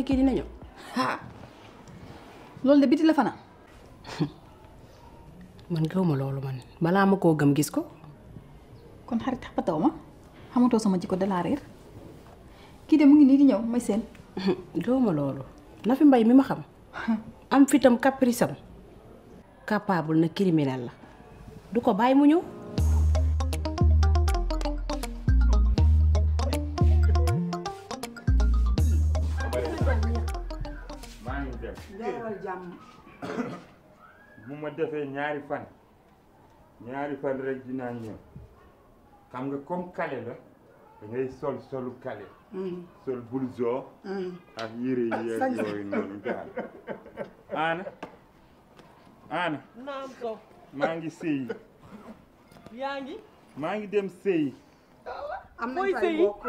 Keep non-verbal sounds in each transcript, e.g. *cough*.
ne kii dina ñëw ah loolu de biti la fanaan *laughs* man gëw ma loolu man balaa ma koo gëm gis ko kon xarit tax ba taw ma xamatoo sama jikko de dalaa réer kii de mu ngi nii di ñëw may seen *laughs* gëw ma loolu na fi mbay mi ma xam *laughs* am fitam caprice am capable na criminel la du ko bàyyi mu ñëw jàmm. bu ma defee ñaari fan ñaari fan rek dinaa ñëw xam nga comme kale la da ngay sol solu kale. Mm. sol blouson. Mm. ak yére yi ak yooyu noonu daal. ana ana naam ko maa ngi sëyi. yaa ngi. maa ngi dem sëyi. am nañ fay bokk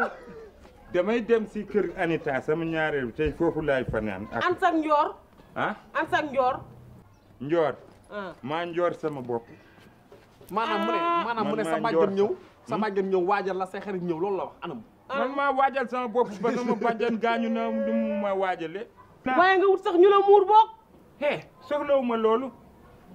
damay dem si kër Anita sama ñaareel bi tey foofu laay fanaan. ak an sa njoor. ah an sax njoor njoor ah. maa njoor sama bopp maanaam mu ne ah. maanaam mu ne sa bàjjan ñëw sa hmm? bàjjan ñëw waajal la say xarit ñëw loolu la wax anam ah. man maa waajal sama bopp ba sama bàjjan gaañu na mu ma waajale *laughs* waaye nga wut sax ñu la muur boog he soxlawu ma loolu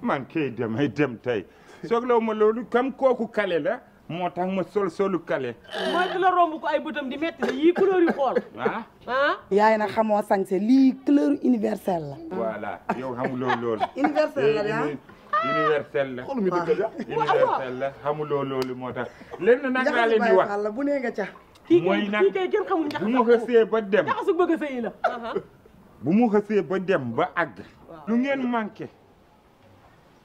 man kay damay dem tey soxlawu ma loolu kam kooku kale la motax ma sol solu kale. mooy di la romb ko ay beutam di metti yi couleur yu xol han ah? ah? han yaay na xamoo sañse lii couleur universel la. voilà yow xamuloo lol *laughs* universel la ya ah? universel la. xool mi dëgg la universelle la xamuloo loolu lol motax len nag laa len di wax bu ne nga ca. mooy nag bu mu xese ba dem jaxasu bëgg sey sëy la. bu mu xese ba dem ba ag lu ngeen manqué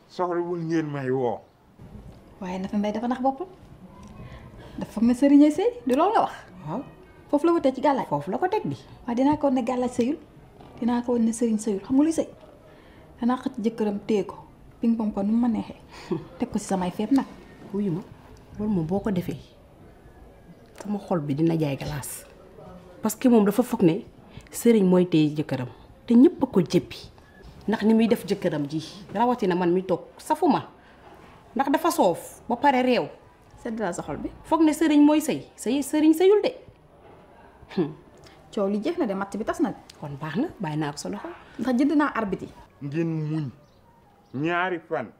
soxlawul ngeen may waye na fa Mbaye dafa nax bopam dafa ma sëriñ sëy du loolu nga wax. waaw la ci ko di. waaw dinaa ko ne gàllaaj sëyul dinaa ko ne sëriñ sëyul xam nga luy sëy danaa xat jëkkëram ping pong ko nu ma *laughs* ko si samay feb nak. wuyu ma loolu moom ko defee sama xol bi dina jaay glace parce que moom dafa foog ne sëriñ mooy téye jëkkëram te ñëpp ko jëppi ndax ni muy def jëkkëram ji na man mi tok safuma ndax dafa sof ba pare rew sedd la sa xol bi foog ne sëriñ mooy sëy sëy sëriñ sëyul de hmm. coow li jeex na de matt bi tas na kon baax na bàyyi naa ko sa loxo ndax jënd naa arbit yi ngeen muñ ñaari fan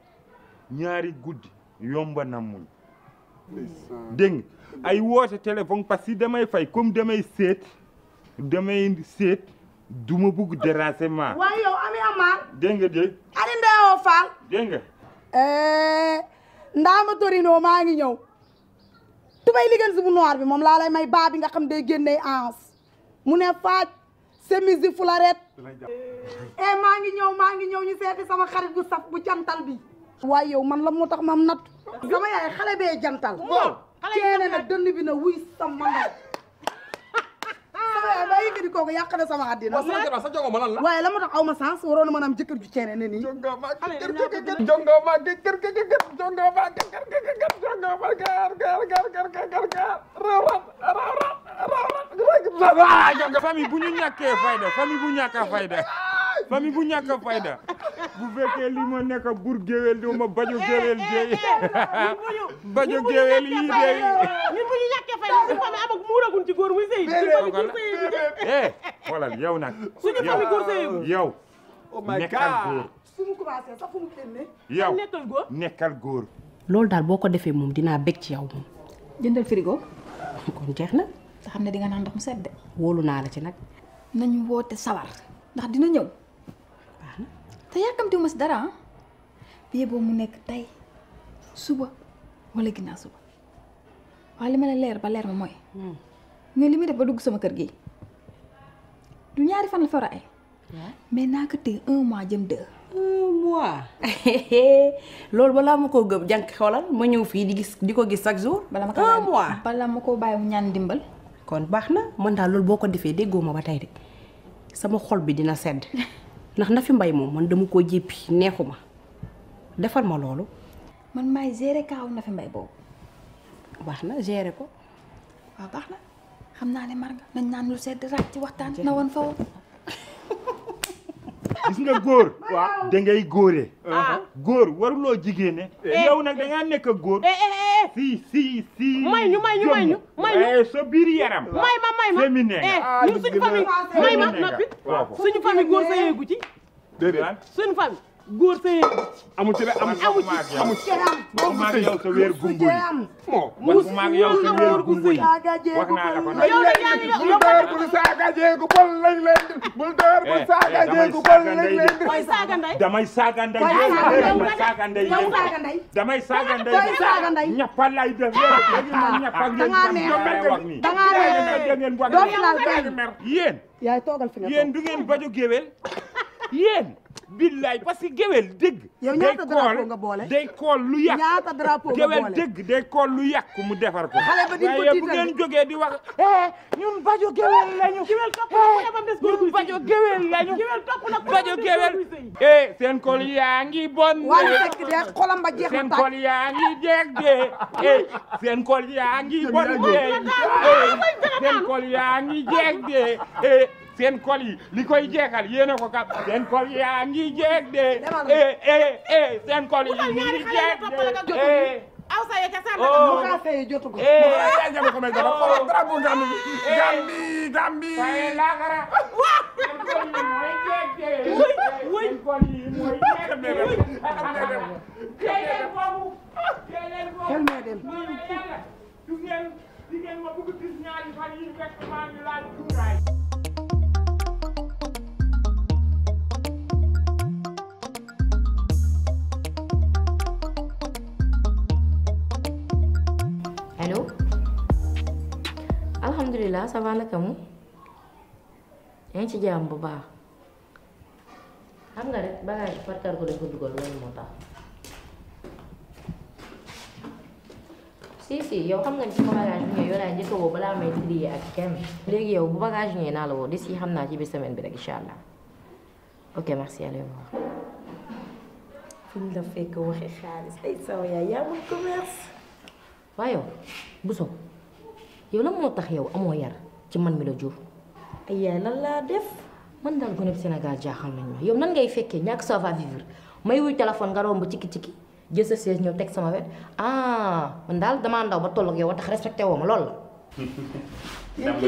ñaari guddi yomb na muñ dégg ay woote téléphone parce que damay fay comme damay seet damay seet duma bugg dérangement waaye yow ami amaar dégg nga dégg ani ndeewoo faal dégg nga eh, ndaama maa ngi ñëw may liggéey si bu noir bi moom laa lay may baa bi nga xam day génnee ans mu ne faaj chemise di fularet e maa ngi ñëw maa ngi ñëw ñu seeti sama xarit bu saf bu jantal bi waaye yow man la moo tax mam natt sama yaay xale bee jantal ceene na dënn bi na wuy sam man waaye maa yëkkati kooku yàq sa jongo ma lan la. waaye la ma tax aw ma sens waroon na ma am jëkkër ju ceene ne nii. jongo ma kër kër jongo ma kër kër kër jongo ma kër kër bu ñu ñàkkee fayda famille bu ñàkk a fayda bu fekkee li ma nekk bur géwél di ma bañu géwél jéy bañu géwél yi ñu ñàkkee fayda suñu famille amag muuragun ci góor muy sëy eh yow nag suñu famille góor nekkal góor nekkal góor loolu daal boo ko defee moom dinaa bég ci yow moom jëndal frigo kon jeex na te xam ne di nga naan ndox mu sedd wóolu naa la ci nag nañu woote sawar ndax dina ñëw te yàkkamtiwuma mas dara bi bo mu nekk tey suba wala gina suba wala mala leer ba leer ma moy hmm. nga li muy def ba dug sama keur gi du ñaari fan la fa raay eh? ya. mais na ko te un mois jëm deux un mois *laughs* lol balaa mako koo gëm jànk xoolal ma ñew fi di gis diko gis chaque jour bala mako ko un mois bala mako koo mu ñaan dimbal kon baxna man da lol boko defé defee ma ba tay de sama xol bi dina sedd *laughs* ndax na mbay moom man dama koo jéppi neexu ma defal ma loolu. man maay gérer kaaw na mbay boobu. baax na gérer ko. waaw baax na xam naa ne mar nga nañ naan lu sedd ràcc ci waxtaan na woon fa woon. gis nga góor. waaw da ngay góore. Ah. góor waruloo jigéen ne. Eh. Eh. yow nag da ngaa nekk góor. Eh, si si si. may ñu may ñu may ñu may ñu. sa biir yaram. may ma may ma féminin nga. Ah, ñun suñu famille may ma noppi suñu famille góor sa yeegu ci. déedéet suñu famille. góor sa yéen. amu ci amu ci amu ci amu ci yow sa weer gumbu yi. man maa ngi yow sa weer gumbu yi. wax naa la ko nag. bul door bul saaga jéegu bol lañ leen di. bul door bul eh, saaga eh, jéegu bol lañ leen di. mooy saaga ndey. damay saaga ndey. damay saaga ndey. damay saaga ndey. damay saaga ndey. ñappa lay def. da ngaa neex da ngaa neex. doo fi laal benn. yéen. yaay toogal fi nga toog yéen du ngeen baju géwél yéen. *laughs* billaay parce que géwél dég yow ñaata drapeau nga boole day kool lu yàq. mu defar ko. xale ba di ko tiital bu ngeen jógee di wax. Eh, ñun bajo géwél bajo géwél lañu. géwél eh, bajo géwél. eh seen kool yaa ngi bon. waa ñu kool yaa ngi jeex de. eh seen kool yaa ngi bon de. Eh, seen kool yaa ngi jeex de. seen kol yi li koy jeexal yéen a ko kap seen kol kol yi ñu ngi jeeg de eh aw sa yeke sa na ko jotu ko eh jam ko me dara ko drapeau Gambie Gambie Gambie ay la gara wa mooy jeeg de woy kol yi mooy jeeg de jëleen boobu jëleen boobu du ngeen di ngeen ma bëgg gis ñaari fan yi fekk alhamdulilah ça mu yaa ngi ci jàmm bu baax xam nga rek bagage parkar ko dañ ko dugal loolu moo tax si si yow xam nga ci ko bagage bi ñëw yow daal njëkk a woo balaa may ak kenn léegi yow bu bagage ñëwee naa la woo des yi xam naa ci biir semaine bi rek incha allah ok merci allez voir fi ñu la fekk waxee xaalis ay saw yaay yaa mën commerce waaye yow Bousso yow lan moo tax yow amoo yar ci man mi la jur ay yaay laa def man daal gone bi Sénégal jaaxal nañ ma yow nan ngay fekkee ñàkk savoir-vivre may wuy téléphone nga romb ciki-ciki jël sa siège ñëw teg sama ah, daal damaa ba toll ak a tax respecté woo la *laughs* damb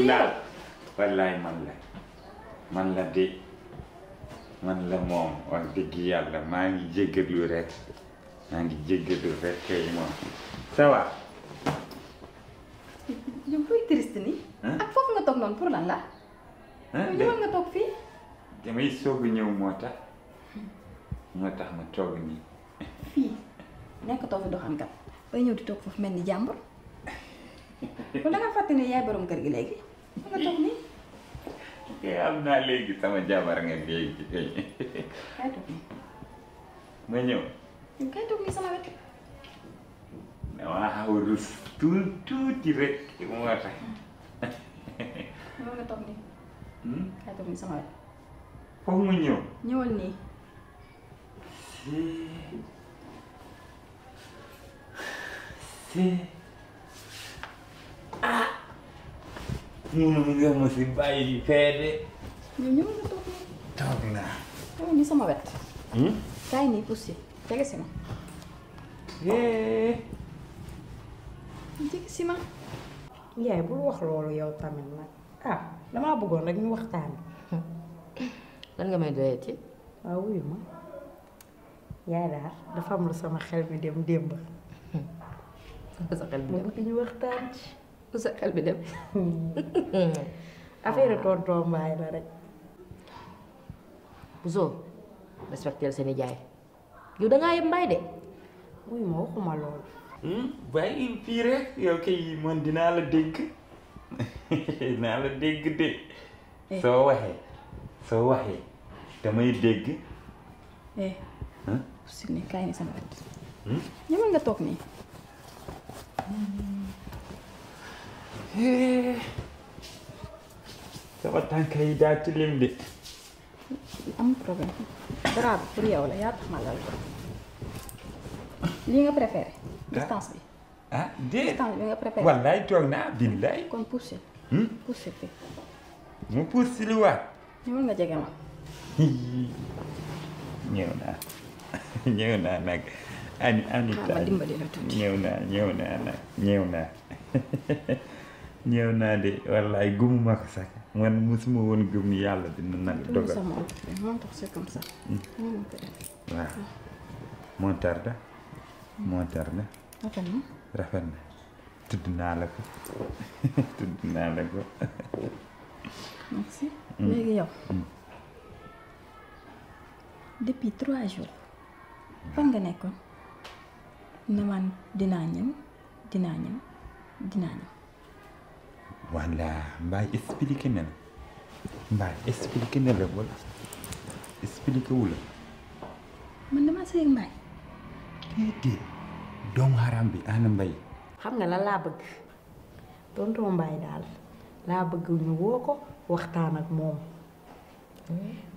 daal maa ngi jéggalu rek maa ngi jéggalu rek kay moom ça ñu luy triste ni ak fofu nga tok non pour lan la. ñu nga tok fi demay soog ñew ñëw moo tax moo tax ma tok ni fi nek tok fi doxam kat bay ñew di tok fofu melni ni ko da nga fatte ni yaay borom kër gi legi nga tok ni ke am naa léegi sama jabar nga legi kay tok ni ma ñew kay tok ni sama wet. Wah, urus tutu direk umur. Mau ngetom nih. Hmm? Kayak tuh misalnya. Pengunyo. Nyol nih. Si. Si. Ah. Ngono mga masih bayi fede. Nyol nih? Tog na. Oh, ni sama bet. Hmm? Kaini pusi. Tegesimo. Eh. jëkk si ma Ndiaye bul wax loolu yow tamit nag ah damaa bëggoon rek ñu waxtaan lan nga may doyati waaw ah, wuyu ma yaay daal dafa am sama xel mi dem démb sa xel bi dem ñu waxtaan ci sa xel bi dem *laughs* affaire tonton Mbaye la rek Bousso respecteel seen jaay yow dangaa yem Mbaye de wuyu ma waxuma loolu bàyyil fii rek yow kay man dinaa la dégg dinaa la dégg de soo waxee soo waxee damay dégg si ni kaay ni sama wet ñamal nga toog nii sama tànk yi daa tilim de am problème dara pour yow la yaa ya, tax ma lal nga préféré distance bi. ah déet distance bi nga préparé. wallaay toog naa billaay. kon poussé. Hmm? poussé fi. mu poussé lu waat. ñëwal nga jege ma. ñëw naa ñëw naa nag. ani Anita ma dimbali la tuuti ñëw naa ñëw naa nag ñëw naa ñëw naa de wallaay gëmuma ko sax man musuma woon gëm yàlla dina nag dogal moo tax c'est comme ça waaw tarda moo tarda rafet na rafet na tudd naa la ko tudd naa la ko merci léegi yow depuis trois jours fan nga nekkoon ne man dinaa ñëw dinaa ñëw dinaa ñëw voilà mbaay expliqué na la mbaay expliqué na la wala expliqué wu la man dama sëy mbaay déedéet doomu haram bi ana mbay xam nga la laa bëgg tonton Mbaye daal laa bëgg ñu woo ko waxtaan ak moom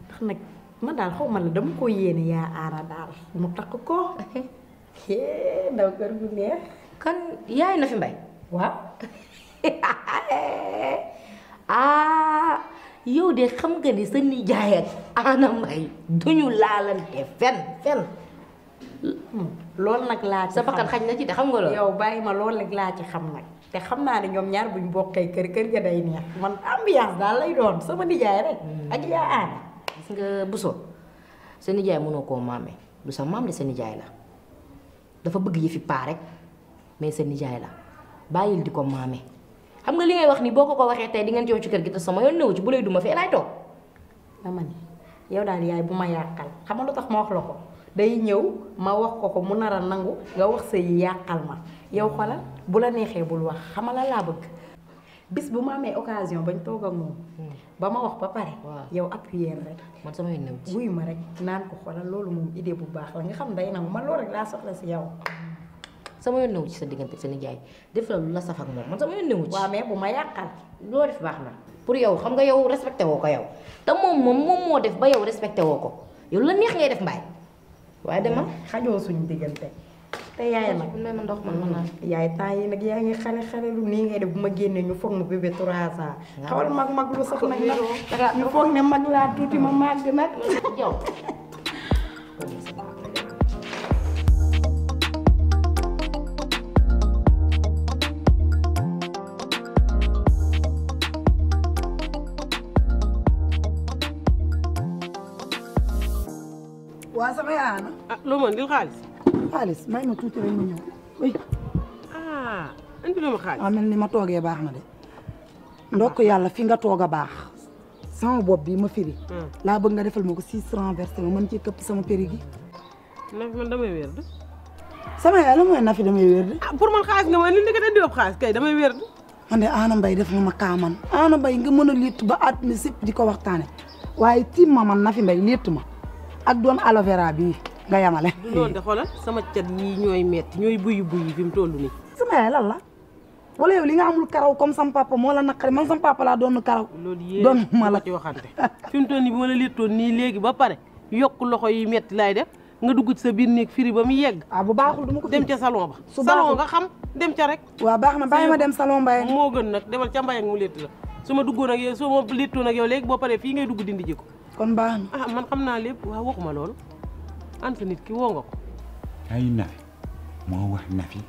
ndax nag man daal xaw ma la dama ko yéene yaa aara daal mu takk ko *laughs* ndaw kër bu neex kon yaay na fi mbay waaw *laughs* ah, yow de xam nga ni sa nijaay ak ana mbay duñu laalante fen fen hmm. lool nag laa ci sa bakkan xaj na ci de xam nga loolu. yow bàyyi ma loolu nag laa ci xam nag te xam naa ne ñoom ñaar buñ bokkee kër kër ga day neex man ambiance daal lay doon sama nijaay rek. Hmm. ak yaa aan. gis nga buso sa nijaay mënoo koo maame du sa maam de sa nijaay la dafa bëgg yëfi paa rek mais sa nijaay la bàyyil di ko maame. xam nga li ngay wax ni boo ko ko waxee tey di ngeen jow ci kër gi te sama yoon newu ci bu lay duma fi laay toog. dama ni yow daal yaay bu ma yàqal xam nga lu tax ma wax la ko. day ñëw ma wax ko ko mu nar a nangu nga wax sa yàqal ma yow xoolal bu la neexee bul wax xamala laa bëgg bis bu ma amee occasion bañ toog ak moom hmm. ba ma wax ba pare yow appuyer rek man samay new wuy ma rek naan ko xoolal loolu moom idée bu baax la xam day nangu ma loolu rek si yow sama yoon newu ci sa diggante sa nijaay def la lu la saf ak moom man sama yoon newu ci. waaw mais bu ma yàqal loo def baax na pour yow xam nga yow respecté woo ko yow te moom moom moom moo def ba yow respecté woo ko yow la neex ngay def mbaay waaye dama xajoo suñu diggante te yaay nag naa ma ndox man mën mm-hmm. naa yaay temps yi nag yaa ngi xale xale lu nii ngay def bu ma génnee ñu foog ma bébé trois ans xawal mag mag lu sax nag ñu foog ne mag laa tuuti ma màgg nag yow *laughs* waa sama yaay na. ah loo mën dil may ma tuuti rek ma ñëw oui. ah andi loo ma xaalis. Ah, mel ni ma toogee baax na de. ndokk yàlla fi nga toog a baax. sama bopp bi ma firi. Hmm. laa bëgg nga defal ma ko six renversé ma mën ci këpp sama péri gi. Nafi la mooy Nafi damay wér de. ah pour man xaalis ma li nga andi ëpp xaalis kay damay wér de. def ma kaaman. Ana Mbaye nga mën a létt ba at mi di ko waxtaane waaye tiim ma man Nafi mbay létt ma. ak doom aloe vera bi nga yamale. du de sama cat ni ñoy metti ñoy bui, buy fi mu toll sama yaay lan la wala yow li nga amul karaw comme sama papa mo la naqari man sama papa la doon karaw. doon ma la ci waxante fi mu toll ni bu ma la léttoon ni legi ba pare yok loxoy metti lay def. nga dugg ci sa bir firi bam yegg. ah bu baaxul duma ko dem ca salon ba. salon nga xam dem ci rek. wa baax dem salon baye mo gën nak demal ca Mbaye ak mu létt la su ma duggoon yow suma ma nak yow bo pare fi ngay dugg dindi jiko kon baax na. Ah, man xam naa lépp waaw waxuma loolu ànd sa nit ki woo ko. ay nafi moo wax nafi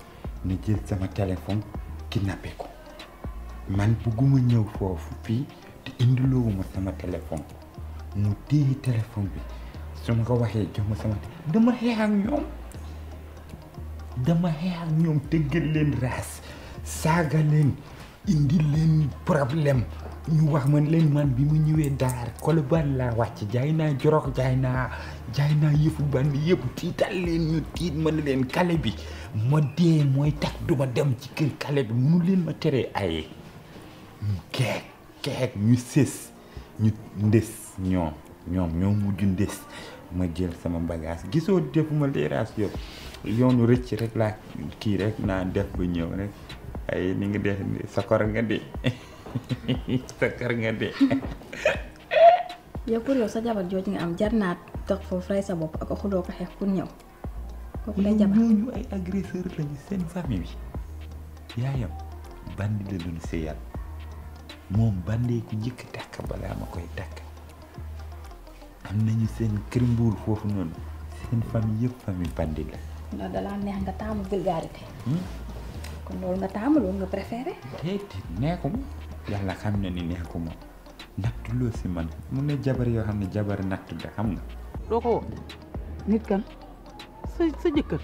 na jël sama téléphone kidnappé ko man bugguma ñëw foofu fii te indiloowuma sama téléphone mu téye téléphone bi su ma ko waxee jox ma sama dama xeex ñoom dama xeex ñoom tëggal leen raas saaga leen ñu wax man leen man bi mu ñëwee Dakar Colobane laa wàcc jaay naa jorox jaay naa jaay naa yëfu band yëpp tiital leen ñu tiit ma ne leen kale bi ma dee mooy tax duma dem ci kër kale bi mu leen ma teree ay keek keek ñu sës ñu ndes ñoom ñoom ñoom mujj ndes ma jël sama bagage gisoo defuma leeraas yow yoonu rëcc rek laa kii rek naa def ba ñëw rek ay ni nga def sakor nga de *laughs* takkar nga de. *laughs* yow pour yow sa jabar jooju nga am jar naa toog foofu rey sa bopp ak xuloo ko xeex pour ñëw. kooku day jabar ñooñu lañu seen famille bi. yaayam bandi la lu ñu sëyal moom bandee ku njëkk takk balaa ma koy takk am nañu seen kër mbuur foofu noonu seen famille yëpp famille bandi la. loolu da neex nga taamu vulgarité. Hmm? kon loolu nga taamu loolu nga préféré. déedéet neexuma. yalla xam na ni neexu ma nattu si man mu ne jabar yo xamne jabar nak la xam nga. doko nit kan sa sa kan? jëkkër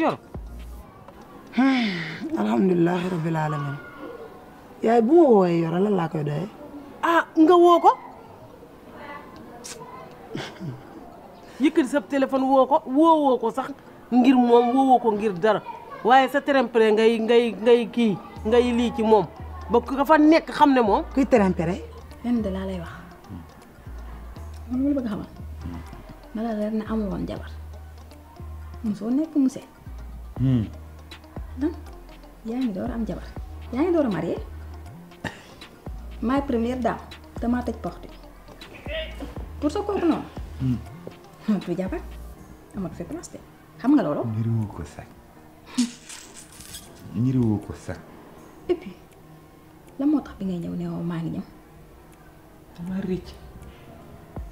yor. *sighs* alhamdulilah rabbil alamin yaay bu woy yor la la koy doy ah nga wo ko. yëkkati sa téléphone woo ko woowoo ko sax ngir moom wo ko ngir dara waye sa terrain ngay ngay ngay ki ngay lii ci moom ba ku fa nekk xam ne moom. kuy tërëmpere. lenn de lay wax moom lu bëgg xamal hmm. ma la leer na amul woon jabar mosoo nekk monsieur. donc hmm. yaa ngi door am jabar yaa ngi door a marié maay pour sa kooku noonu. Hmm. amatu *laughs* jabar amatu fi place de xam nga loolu. ñiriwoo ko sax ñiriwoo ko sax. et puis lan moo tax bi ngay ñëw ne rich, maa ngi ñëw. dama rëcc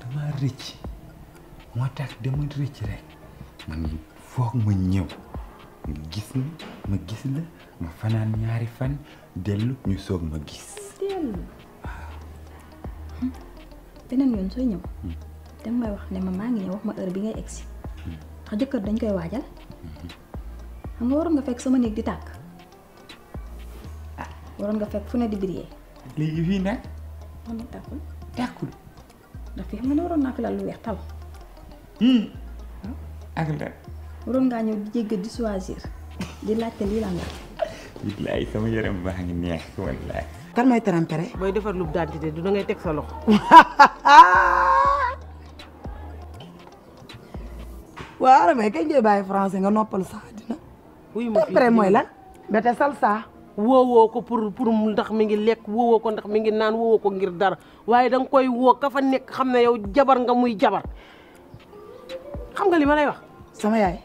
dama rëcc moo tax dama rëcc rek man foog ma ñëw nga gis ma ma gis la ma fanaan ñaari fan dellu ñu soog ma gis. dellu waaw. Ah. Hmm? yoon sooy ñëw. dem hmm. may wax ne ma ngi hmm. wax ma heure bi ngay jëkkër dañ koy waajal. xam nga waroon nga fekk sama di tak waron nga fek fune di brié légui fi né moo takul takul da fi fii waron na fi la lu taw hmm ak la. waron nga ñëw di jéggat di choisir di laajte lii lan la. bilaay sama yaram ba nga neex wallahi kan mooy trempere. Eh? booy defar lu dantité du *laughs* dangay teg sa loxo. waaw damay kañ ngay bàyyi français nga noppal sax dina. wuyu ma fii trempere mooy lan. bete salsa. woowoo ko pour pour ndax mi ngi lekk woowoo ko ndax mi ngi naan woowoo ko ngir dara waaye danga koy woo ka fa nekk xam ne yow jabar nga muy jabar xam nga li ma lay wax. sama yaay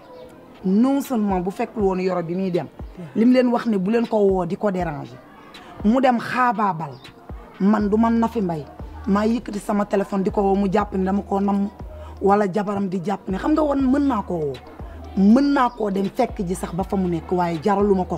non seulement bu fekkul woon yoro bi muy dem. lim leen wax ne bu leen ko woo di ko déranger. mu dem xaabaabal man du man Nafi mbay maa yëkkati sama téléphone di ko woo mu jàpp ne dama koo namm wala jabaram di jàpp ne xam nga woon mën naa koo mën naa koo dem fekk ji sax ba fa mu nekk waaye jaraluma ko.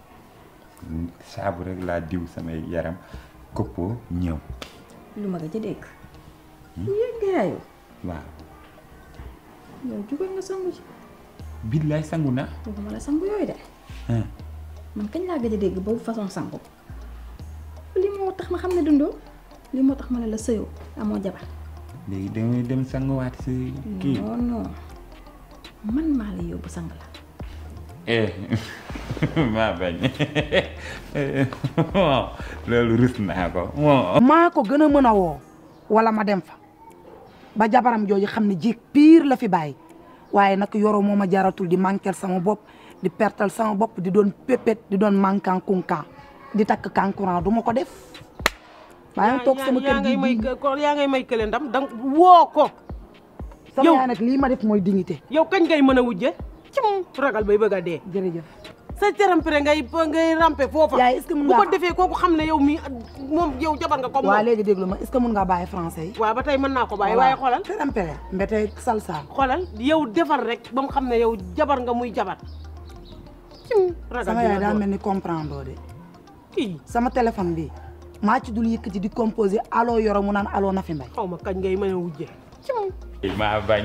saabu rek laa diw samay yaram këppoo ñëw. lu ma gëj dégg. Hmm? yéegaayu. waaw. jugal nga sangu ci. billaay sangu na. waxuma la sangu yooyu de. Hmm. man kañ laa gëj a dégg boobu façon sangu. li moo tax ma xam ne dundoo. li moo tax ma ne la sëyoo amoo jabar. léegi damay dem sanguwaat si kii. non man maa la yóbbu sang la. maa loolu rus naa ko. maa ko gën a mën wala ma dem fa ba jabaram jooju xam jik pir pire la fi bàyyi waaye nag yoroo moo ma jaratul di manquer sama bopp di pertal sama bopp di don pepet, di don manquant kunkan di tak kankuran. du ma ko def. maa ngi toog sama kër gi yaa ngay may kële ndam dang woo ko. yow sama yaay nag lii ma def mooy dignité. yow kañ ngay mën wujje ci ragal bay jërëjëf. sa terampere ngay ngay rampe foofa. yaay est-ce ko defee kooku xam ne yow mi moom yow jabar nga comme. waaw léegi déglu ma est-ce mun ngaa bàyyi français yi. waaw ba tey mën naa ko bàyyi waaye xoolal. terampere mbete salsa. xoolal yow defar rek ba mu xam ne yow jabar nga muy jabar. ragal sama yaay ni comprendre de. sama téléphone bi maa ci dul ci di composé allo yoro mu naan allo Nafi Mbaye. xaw ma kañ ngay mën a wujjee. maa bañ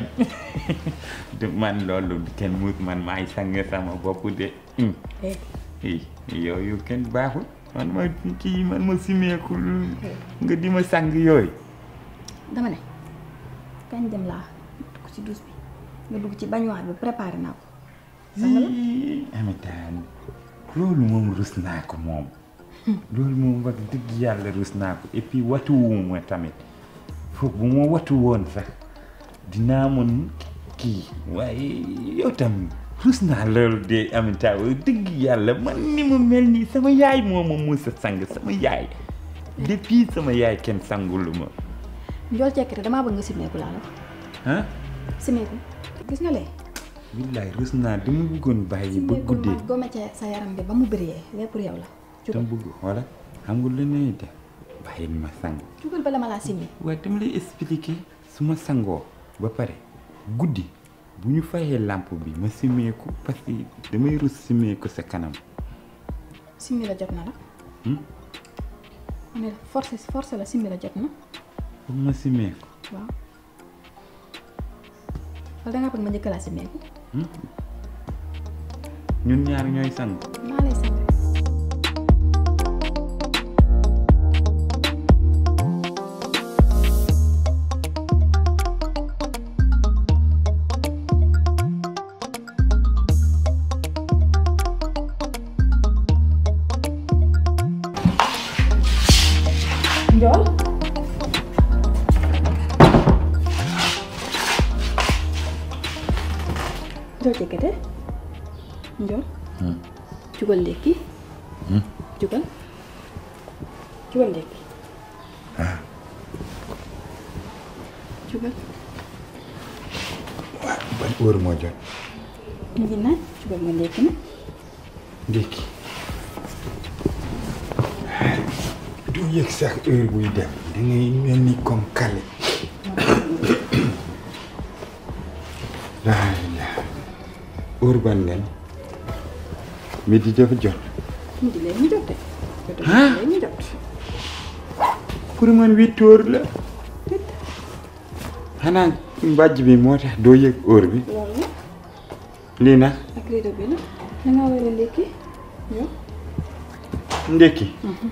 *laughs* man loolu kenn mu man maa sang sama bopp de. Mm. Eh. Eh, yooyu kenn baaxul man ma kii man ma simeekul nga di ma sàng yooyu dama ne kañ dem laa dugg ci douche bi nga dugg ci bañuwaar bi préparé naa ko eh, amitaan loolu moom rus naa ko moom hmm. loolu moom wax dëgg yàlla rus naa ko et puis watuwuma tamit foofu bu ma watu woon sax dinaa mën kii waaye yow tamit plus na lol de aminta deug yalla man ni mo melni sama yaay moo ma muus sang sama yaay depuis sama yaay ken sanguluma ndol njool cekkite damaa bëgg simé ko la la simé ko gis nga lé billahi rus dimu dama bayyi bu guddé go ma ca sa yaram bi ba mu bëriyee lé pour yow la tam bëgg wala xam nga lu ne de bàyyi ma sang jugal bala mala simé wa waaye lay expliquer suma sango ba paré guddi bu ñu fayee làmp bi ma simmeeku ko parce que damay rus simee sa kanam. simmi la jot na la. ma hmm? ne la force la jot na. pour ma simee ko. waaw wala da ngaa ma njëkk laa simee hmm? ñun ñaar ñooy sang. ndekete njool jugal ndekki jugal jugal ndekki jugal waaw ban heure moo jot ñu ngi naan jugal nga ndekki na ndekki du yëg sax heure buy dem da ngay mel comme kale urban leen mi di jëf di leen jot pour man huit heures la. xanaa mbàjj bi moo tax doo yëg heure bi. lii nag. ndékki ñëw. Mhm.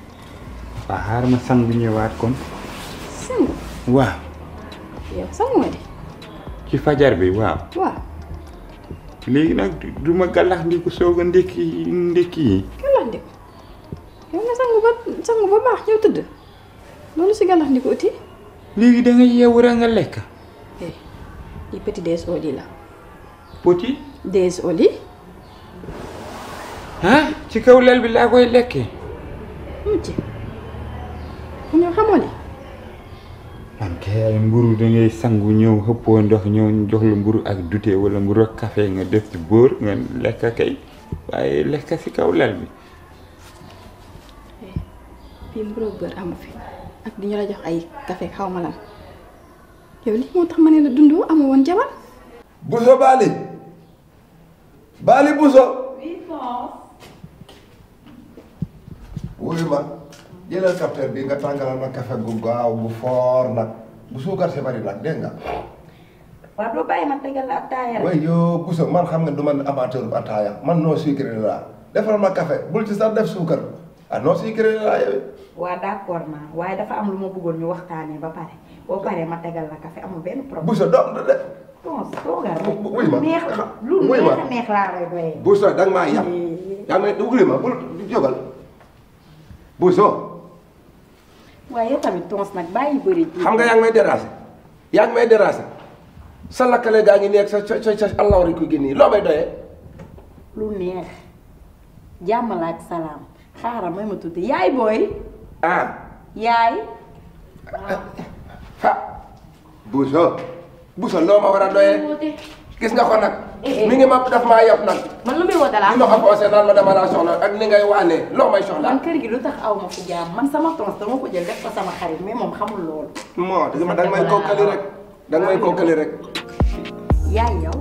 xaar ma sangu ñëwaat kon. sangu. waaw. ci fajar bi waaw. léegi nag duma ma gàllax ndiku soog a ndékki ndékki yi. gàllax ndiku nga sangu ba sangu ba baax ñëw tëdd loolu si gàllax ndiku uti. léegi dangay nga yeewu rek nga lekk. Eh, li petit des oli la. petit. des oli. ah ci kaw lal bi laa koy lekkee. mu ci. ñoo xamoo ni. man mburu da ngay sangu ñëw xëppoo ndox ñëw jox la mburu ak dute wala mburu ak café nga def ci boor nga lekk kay waaye lekk si kaw eh, bi mburu amu fi ak di ñu la jox ay café xaw lan yow ya li moo tax ma ne amu woon jabar buso Bali, Bali buso oui ma jëlal capteur bi nga tàngalal ma kafe gu gaaw bu for nag bu suukar si bari nag dégg nga. waaw doo bàyyi ma tegal la rek. waaye yow man xam nga du man amateur bu man sucré la defal ma kafe bul ci sax def suukar ah non sucré la yow. waaw d'accord naa waaye dafa am lu ma bëggoon ñu waxtaanee ba pare boo paree ma tegal la kafe amul benn problème. Bousso doon de. bon ma neex lu neex neex laa lay doyee. Bousso da nga maa yàq. Eh. yaa ma bul waaye tamit tons nag bàyyi bëri. xam nga yaa ngi may déranger yaa ngi may déranger sa lakkale gaa ngi nekk sa sa allah rek ko génnee loo may doyee. lu neex jàmmala ak salaam xaaral may ma tudd yaay booy. ah. yaay. ah. Bousso. Bousso loo ma war a doyee. gis nga ko nag. mi ngi ma daf maa yab nag. man lu muy woo dala. li ma avancé naan ma dama laa soxla ak ni ngay waanee loo may soxla. man kër gi lu tax aw fu jaam man sama tons dama ko jël def ko sama xarit mais moom xamul loolu. moo dëgg ma danga may kookali rek danga may kookali rek.